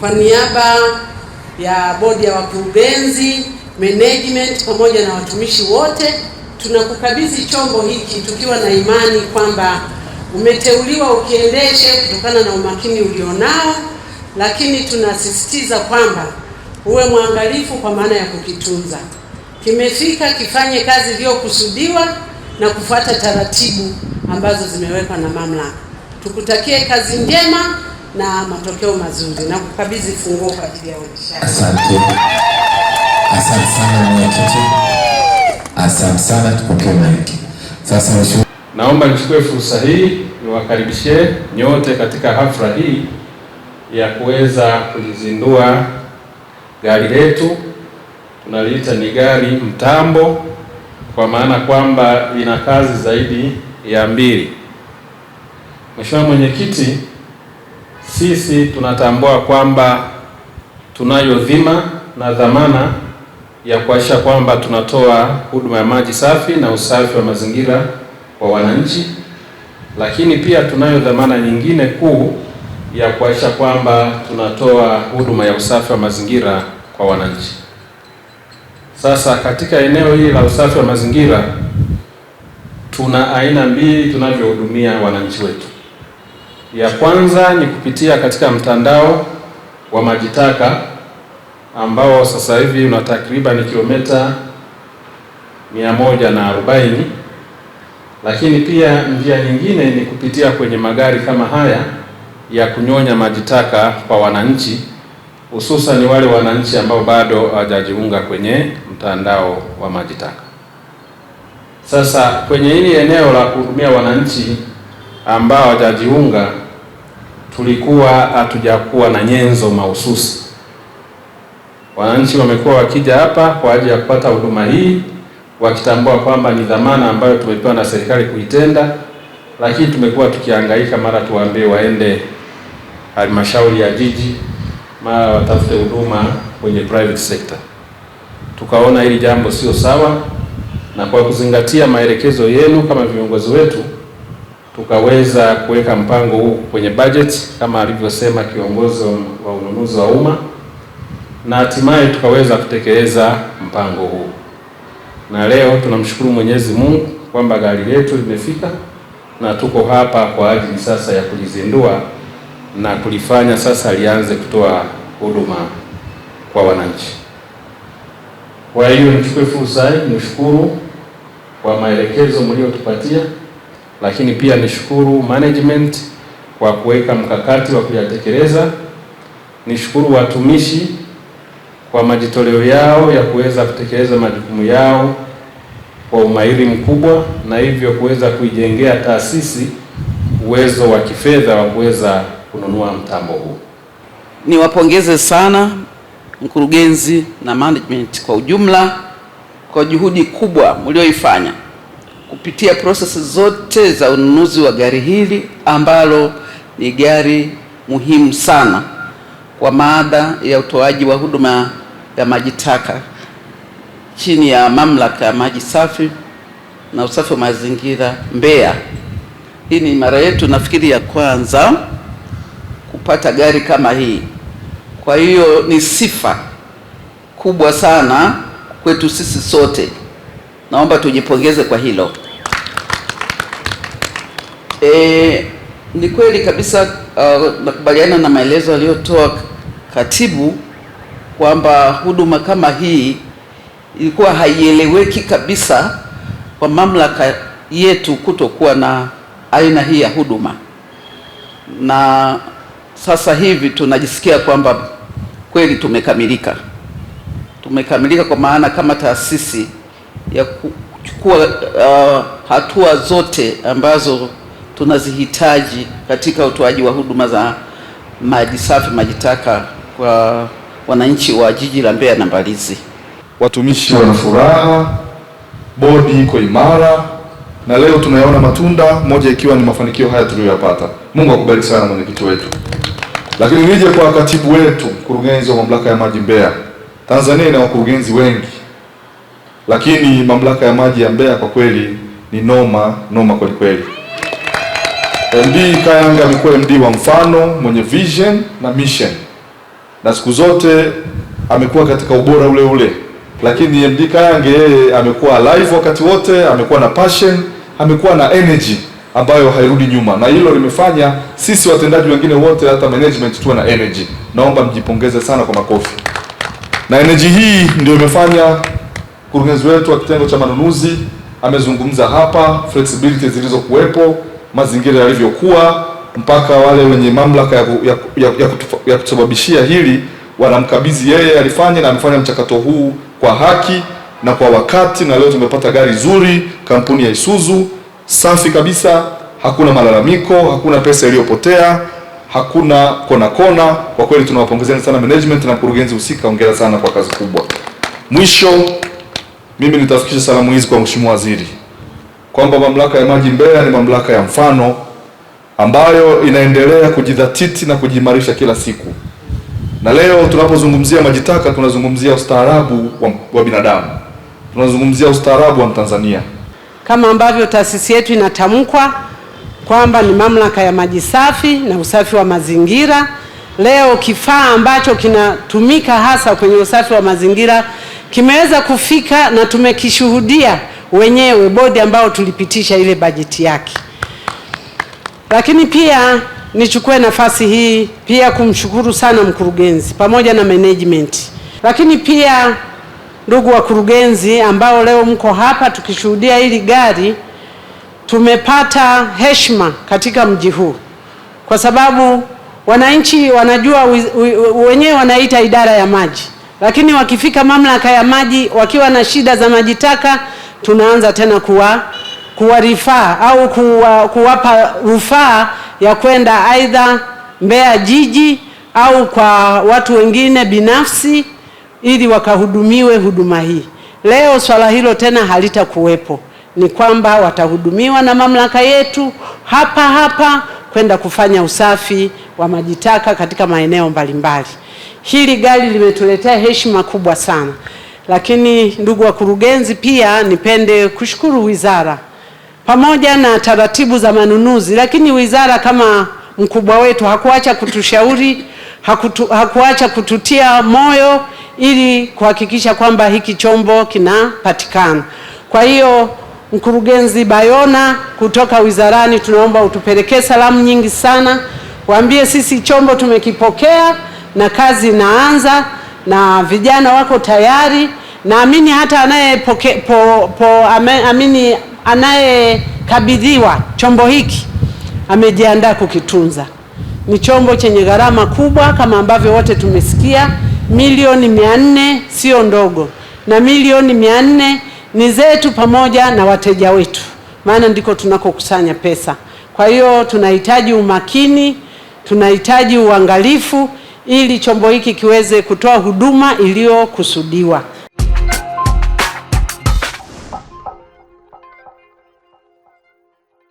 Kwa niaba ya bodi ya wakurugenzi, management pamoja na watumishi wote, tunakukabidhi chombo hiki tukiwa na imani kwamba umeteuliwa ukiendeshe kutokana na umakini ulionao, lakini tunasisitiza kwamba uwe mwangalifu kwa maana ya kukitunza. Kimefika kifanye kazi iliyokusudiwa na kufuata taratibu ambazo zimewekwa na mamlaka. Tukutakie kazi njema na matokeo mazuri, na kukabidhi funguo kwa ajili ya uendeshaji. Asante, asante sana mwenyekiti, asante sana, tupokee maiki sasa. Mheshimiwa, naomba nichukue fursa hii niwakaribishe nyote katika hafla hii ya kuweza kulizindua gari letu tunaliita ni gari mtambo, kwa maana kwamba ina kazi zaidi ya mbili. Mheshimiwa Mwenyekiti, sisi tunatambua kwamba tunayo dhima na dhamana ya kuhakikisha kwamba tunatoa huduma ya maji safi na usafi wa mazingira kwa wananchi, lakini pia tunayo dhamana nyingine kuu ya kuhakikisha kwamba tunatoa huduma ya usafi wa mazingira kwa wananchi. Sasa katika eneo hili la usafi wa mazingira tuna aina mbili tunavyohudumia wananchi wetu. Ya kwanza ni kupitia katika mtandao wa majitaka ambao sasa hivi una takriban kilomita arobaini lakini pia njia nyingine ni kupitia kwenye magari kama haya ya kunyonya majitaka kwa wananchi, hususan wale wananchi ambao bado hawajajiunga kwenye mtandao wa majitaka. Sasa kwenye hili eneo la kuhudumia wananchi ambao watajiunga, tulikuwa hatujakuwa na nyenzo mahususi. Wananchi wamekuwa wakija hapa kwa ajili ya kupata huduma hii wakitambua kwamba ni dhamana ambayo tumepewa na serikali kuitenda, lakini tumekuwa tukihangaika, mara tuwaambie waende halmashauri ya jiji, mara watafute huduma kwenye private sector. Tukaona hili jambo sio sawa, na kwa kuzingatia maelekezo yenu kama viongozi wetu tukaweza kuweka mpango huu kwenye budget kama alivyosema kiongozi wa ununuzi wa umma, na hatimaye tukaweza kutekeleza mpango huu, na leo tunamshukuru Mwenyezi Mungu kwamba gari letu limefika na tuko hapa kwa ajili sasa ya kulizindua na kulifanya sasa lianze kutoa huduma kwa wananchi. Kwa hiyo nichukue fursa hii nishukuru kwa maelekezo mliotupatia lakini pia nishukuru management kwa kuweka mkakati wa kuyatekeleza. Nishukuru watumishi kwa majitoleo yao ya kuweza kutekeleza majukumu yao kwa umahiri mkubwa, na hivyo kuweza kuijengea taasisi uwezo wa kifedha wa kuweza kununua mtambo huu. Niwapongeze sana mkurugenzi na management kwa ujumla kwa juhudi kubwa mlioifanya kupitia prosesi zote za ununuzi wa gari hili ambalo ni gari muhimu sana kwa maada ya utoaji wa huduma ya maji taka chini ya mamlaka ya maji safi na usafi wa mazingira Mbeya. Hii ni mara yetu nafikiri ya kwanza kupata gari kama hii, kwa hiyo ni sifa kubwa sana kwetu sisi sote Naomba tujipongeze kwa hilo. E, ni kweli kabisa uh, nakubaliana na maelezo aliyotoa katibu kwamba huduma kama hii ilikuwa haieleweki kabisa kwa mamlaka yetu kutokuwa na aina hii ya huduma, na sasa hivi tunajisikia kwamba kweli tumekamilika, tumekamilika kwa maana kama taasisi ya kuchukua uh, hatua zote ambazo tunazihitaji katika utoaji wa huduma za maji safi, maji taka kwa wananchi wa jiji la Mbeya na Mbalizi. Watumishi wana furaha, bodi iko imara na leo tunayaona matunda, moja ikiwa ni mafanikio haya tuliyoyapata. Mungu akubariki sana mwenyekiti wetu. Lakini nije kwa katibu wetu, mkurugenzi wa mamlaka ya maji Mbeya. Tanzania ina wakurugenzi wengi lakini mamlaka ya maji ya Mbeya kwa kweli ni noma noma kweli kweli. MD Kayanga alikuwa MD wa mfano, mwenye vision na mission, na siku zote amekuwa katika ubora ule ule. Lakini MD Kayange yeye amekuwa alive wakati wote, amekuwa na passion, amekuwa na energy ambayo hairudi nyuma, na hilo limefanya sisi watendaji wengine wote, hata management, tuwe na energy. Naomba mjipongeze sana kwa makofi, na energy hii ndio imefanya Mkurugenzi wetu wa kitengo cha manunuzi amezungumza hapa flexibility zilizokuwepo, mazingira yalivyokuwa, mpaka wale wenye mamlaka ya, ya, ya, ya, ya kusababishia hili wanamkabidhi yeye alifanye, na amefanya mchakato huu kwa haki na kwa wakati, na leo tumepata gari zuri, kampuni ya Isuzu safi kabisa, hakuna malalamiko, hakuna pesa iliyopotea, hakuna kona kona. Kwa kweli tunawapongezeni sana management na mkurugenzi husika, hongera sana kwa kazi kubwa. Mwisho mimi nitafikisha salamu hizi kwa Mheshimiwa Waziri kwamba mamlaka ya maji Mbeya ni mamlaka ya mfano ambayo inaendelea kujidhatiti na kujiimarisha kila siku, na leo tunapozungumzia maji taka tunazungumzia ustaarabu wa, wa binadamu, tunazungumzia ustaarabu wa Mtanzania, kama ambavyo taasisi yetu inatamkwa kwamba ni mamlaka ya maji safi na usafi wa mazingira. Leo kifaa ambacho kinatumika hasa kwenye usafi wa mazingira kimeweza kufika na tumekishuhudia wenyewe, bodi ambao tulipitisha ile bajeti yake. Lakini pia nichukue nafasi hii pia kumshukuru sana mkurugenzi pamoja na management, lakini pia ndugu wakurugenzi ambao leo mko hapa tukishuhudia hili gari. Tumepata heshima katika mji huu kwa sababu wananchi wanajua wenyewe wanaita idara ya maji lakini wakifika mamlaka ya maji wakiwa na shida za maji taka, tunaanza tena kuwa kuwarifaa au kuwa, kuwapa rufaa ya kwenda aidha Mbeya jiji au kwa watu wengine binafsi ili wakahudumiwe huduma hii. Leo swala hilo tena halitakuwepo, ni kwamba watahudumiwa na mamlaka yetu hapa hapa kwenda kufanya usafi wa maji taka katika maeneo mbalimbali. Hili gari limetuletea heshima kubwa sana, lakini ndugu wakurugenzi, pia nipende kushukuru wizara pamoja na taratibu za manunuzi, lakini wizara kama mkubwa wetu hakuacha kutushauri, hakutu, hakuacha kututia moyo ili kuhakikisha kwamba hiki chombo kinapatikana. Kwa hiyo mkurugenzi Bayona kutoka wizarani, tunaomba utupelekee salamu nyingi sana, waambie sisi chombo tumekipokea na kazi inaanza na vijana wako tayari. Naamini hata anaye po, po, amini anayekabidhiwa chombo hiki amejiandaa kukitunza. Ni chombo chenye gharama kubwa kama ambavyo wote tumesikia, milioni mia nne sio ndogo, na milioni mia nne ni zetu pamoja na wateja wetu, maana ndiko tunakokusanya pesa. Kwa hiyo tunahitaji umakini, tunahitaji uangalifu ili chombo hiki kiweze kutoa huduma iliyokusudiwa.